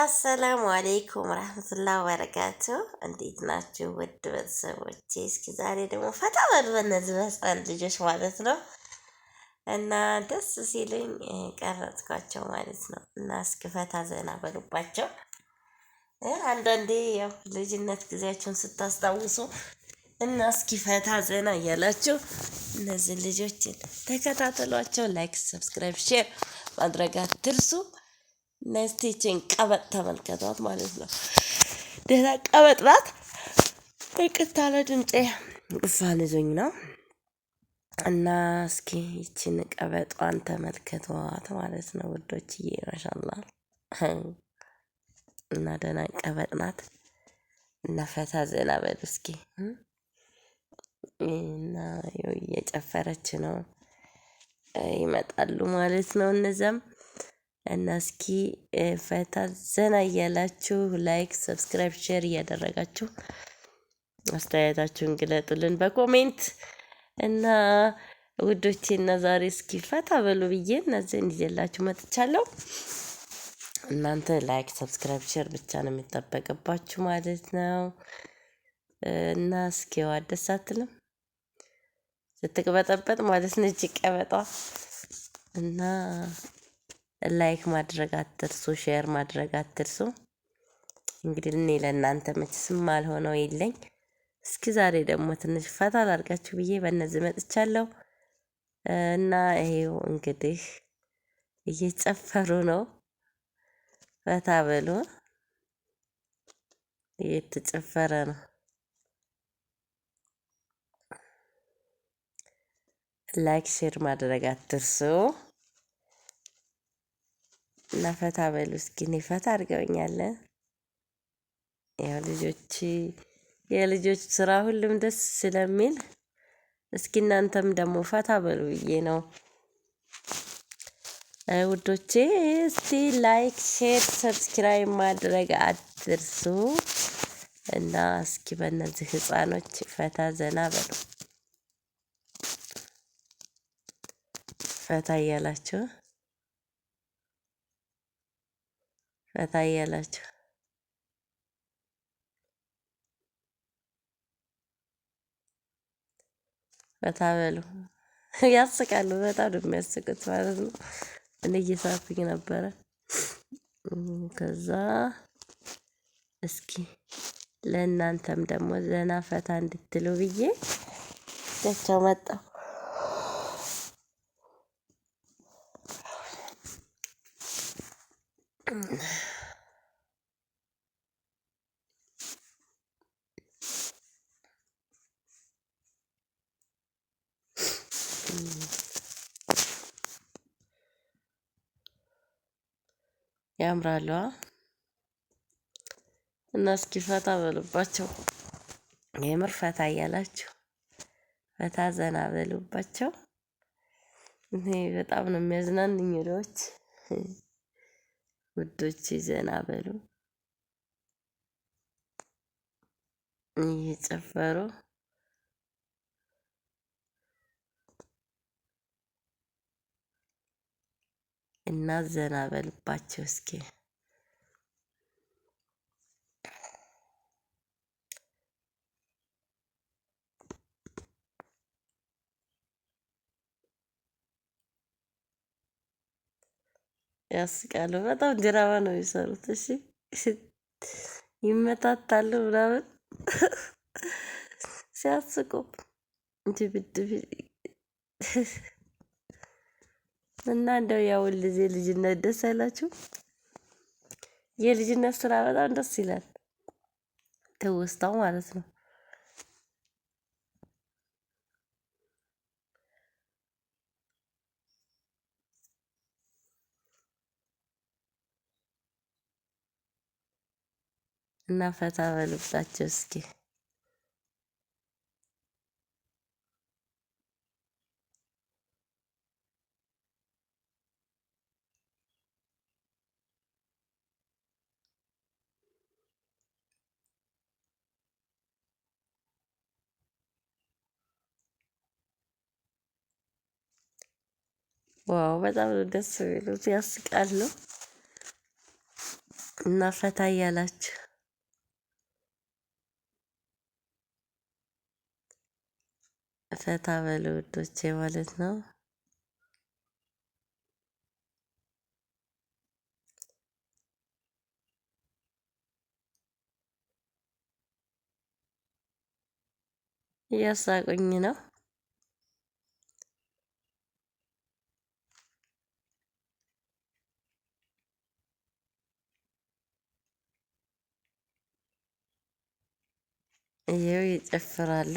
አሰላሙ አሌይኩም ረህመቱላ ወበረካቱ። እንዴት ናችሁ ውድ ቤተሰቦቼ? እስኪ ዛሬ ደግሞ ፈታ በሉ በእነዚህ በህፃን ልጆች ማለት ነው እና ደስ ሲሉኝ ቀረጥኳቸው ማለት ነው እና እስኪ ፈታ ዘና በሉባቸው። አንዳንዴ ያው ልጅነት ጊዜያችሁን ስታስታውሱ እና እስኪ ፈታ ዘና እያላችሁ እነዚህ ልጆችን ተከታተሏቸው። ላይክ፣ ሰብስክራይብ፣ ሼር ማድረግ አትርሱ። ነስቴችን ቀበጥ ተመልከቷት ማለት ነው። ደህና ቀበጥ ናት። በቅታ ለድምፄ ጉፋን ይዞኝ ነው እና እስኪ ይችን ቀበጧን ተመልከቷት ማለት ነው ውዶችዬ፣ ማሻላ እና ደህና ቀበጥ ናት። እና ፈታ ዘና በሉ እስኪ እና እየጨፈረች ነው። ይመጣሉ ማለት ነው እነዚያም እና እስኪ ፈታ ዘና እያላችሁ ላይክ፣ ሰብስክራይብ፣ ሼር እያደረጋችሁ አስተያየታችሁን ግለጡልን በኮሜንት እና ውዶቼ እና ዛሬ እስኪ ፈታ በሉ ብዬ እነዚህን ይዤላችሁ መጥቻለሁ። እናንተ ላይክ፣ ሰብስክራይብ፣ ሼር ብቻ ነው የሚጠበቅባችሁ ማለት ነው እና እስኪ አደስ አትልም ስትቅበጠበጥ ማለት ነው እጅ ቀበጧ እና ላይክ ማድረግ አትርሱ፣ ሼር ማድረግ አትርሱ። እንግዲህ እኔ ለእናንተ መችስም አልሆነው የለኝ። እስኪ ዛሬ ደግሞ ትንሽ ፈታ ላርጋችሁ ብዬ በእነዚህ መጥቻለሁ እና ይሄው እንግዲህ እየጨፈሩ ነው። ፈታ ብሎ እየተጨፈረ ነው። ላይክ ሼር ማድረግ አትርሱ። እና ፈታ በሉ እስኪ እኔ ፈታ አድርገውኛል። ያው ልጆች የልጆች ስራ ሁሉም ደስ ስለሚል እስኪ እናንተም ደግሞ ፈታ በሉ ብዬ ነው። ውዶቼ እስቲ ላይክ፣ ሼር፣ ሰብስክራይብ ማድረግ አትርሱ እና እስኪ በእነዚህ ህፃኖች ፈታ ዘና በሉ ፈታ እያላችሁ ፈታ እያላችሁ ፈታ በሉ። ያስቃሉ። በጣም ነው የሚያስቁት ማለት ነው። እኔ እየሳኩኝ ነበረ። ከዛ እስኪ ለእናንተም ደግሞ ዘና ፈታ እንድትሉ ብዬ ደቸው መጣው ያምራሉ። እና እስኪ ፈታ በሉባቸው የምር ፈታ እያላችሁ ፈታ ዘና በሉባቸው። እኔ በጣም ነው የሚያዝናንኝ ውሎች ውዶች፣ ዘና በሉ እየጨፈሩ እና ዘና በልባቸው እስኪ ያስቃሉ። በጣም ድራማ ነው የሚሰሩት። እሺ ይመታታሉ ምናምን ሲያስቁ እንዲብድብ እና እንደው ያሁን ጊዜ ልጅነት ደስ አይላችሁ? የልጅነት ስራ በጣም ደስ ይላል። ትውስታው ማለት ነው። እና ፈታ በልባቸው እስኪ ዋው በጣም ደስ የሚሉት ያስቃሉ። እና ፈታ እያላችሁ ፈታ በሉ ውዶቼ ማለት ነው። እያሳቁኝ ነው። ይኸው ይጨፍራሉ።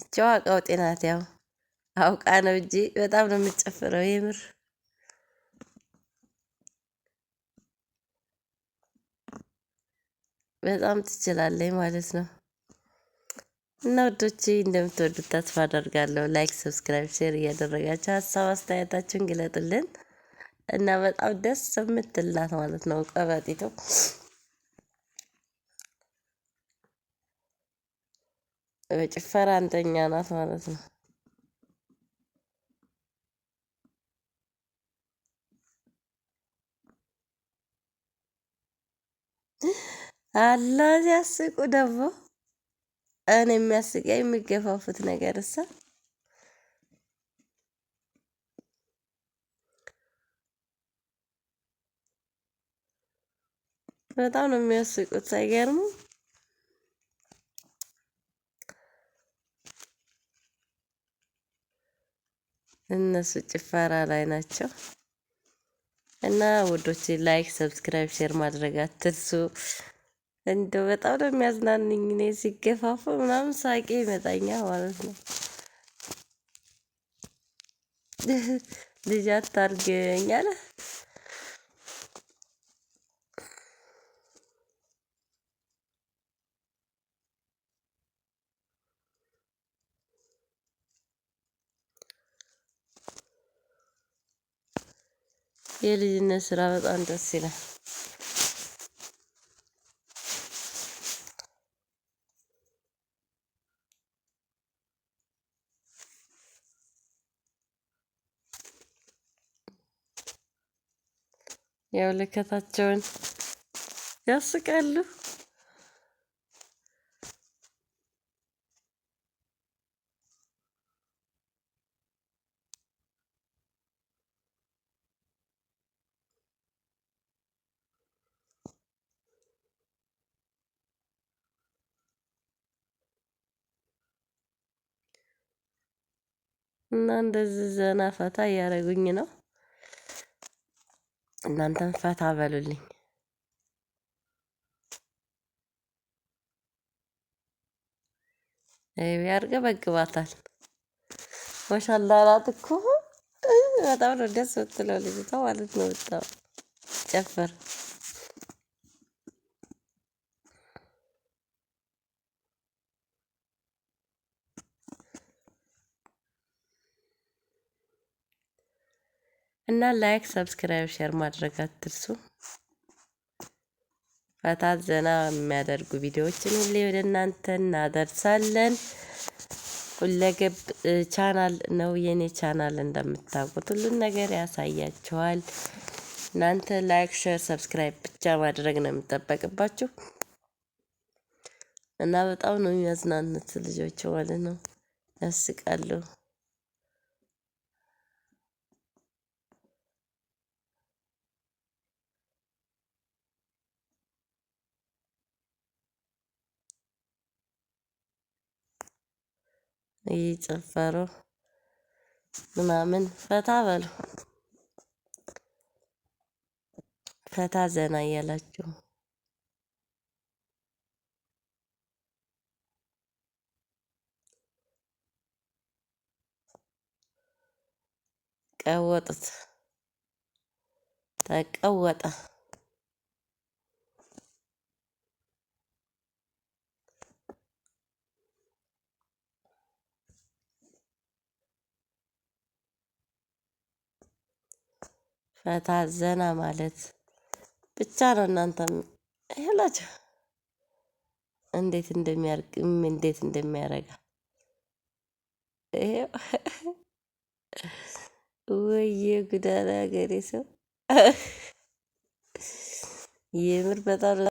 ይቺዋ ቀውጤ ናት። ያው አውቃ ነው እንጂ በጣም ነው የምትጨፍረው የምር በጣም ትችላለች ማለት ነው። እና ወዶቼ እንደምትወዱት ተስፋ አደርጋለሁ። ላይክ፣ ሰብስክራይብ፣ ሼር እያደረጋችሁ ሀሳብ አስተያየታችሁን ግለጡልን። እና በጣም ደስ የምትላት ማለት ነው ቀበጢቱ። በጭፈራ አንደኛ ናት ማለት ነው። አላ ሲያስቁ ደግሞ እኔ የሚያስቀኝ የሚገፋፉት ነገር እሳ በጣም ነው የሚያስቁት ሳይገርሙ እነሱ ጭፈራ ላይ ናቸው። እና ውዶች ላይክ፣ ሰብስክራይብ፣ ሼር ማድረግ አትርሱ። እንደው በጣም ነው የሚያዝናንኝ እኔ ሲገፋፉ ምናምን ሳቄ ይመጣኛል ማለት ነው። ልጅ አታርገኝ አለ። የልጅነት ስራ በጣም ደስ ይላል። ያው ልከታቸውን ያስቃሉ እና እንደዚህ ዘና ፈታ እያደረጉኝ ነው። እናንተን ፈታ በሉልኝ። በግባታል። ማሻላ አላት እኮ በጣም ነው ደስ ልጅ ልጅቷ ማለት ነው። በጣም ጨፈር እና ላይክ፣ ሰብስክራይብ፣ ሼር ማድረግ አትርሱ። ፈታ ዘና የሚያደርጉ ቪዲዮዎችን ሁሌ ወደ እናንተ እናደርሳለን። ሁለገብ ቻናል ነው የኔ ቻናል። እንደምታውቁት ሁሉን ነገር ያሳያችኋል። እናንተ ላይክ፣ ሼር፣ ሰብስክራይብ ብቻ ማድረግ ነው የሚጠበቅባችሁ እና በጣም ነው የሚያዝናኑት ልጆች ማለት ነው፣ ያስቃሉ። እየጨፈሩ ምናምን ፈታ በሉ። ፈታ ዘና እያላችሁ ቀወጡት። ተቀወጠ። ፈታ ዘና ማለት ብቻ ነው። እናንተም ይኸውላችሁ እንዴት እንደሚያርግ እንዴት እንደሚያረጋ ይሄው ወይዬ ጉዳና ገሬ ሰው የምር በጣም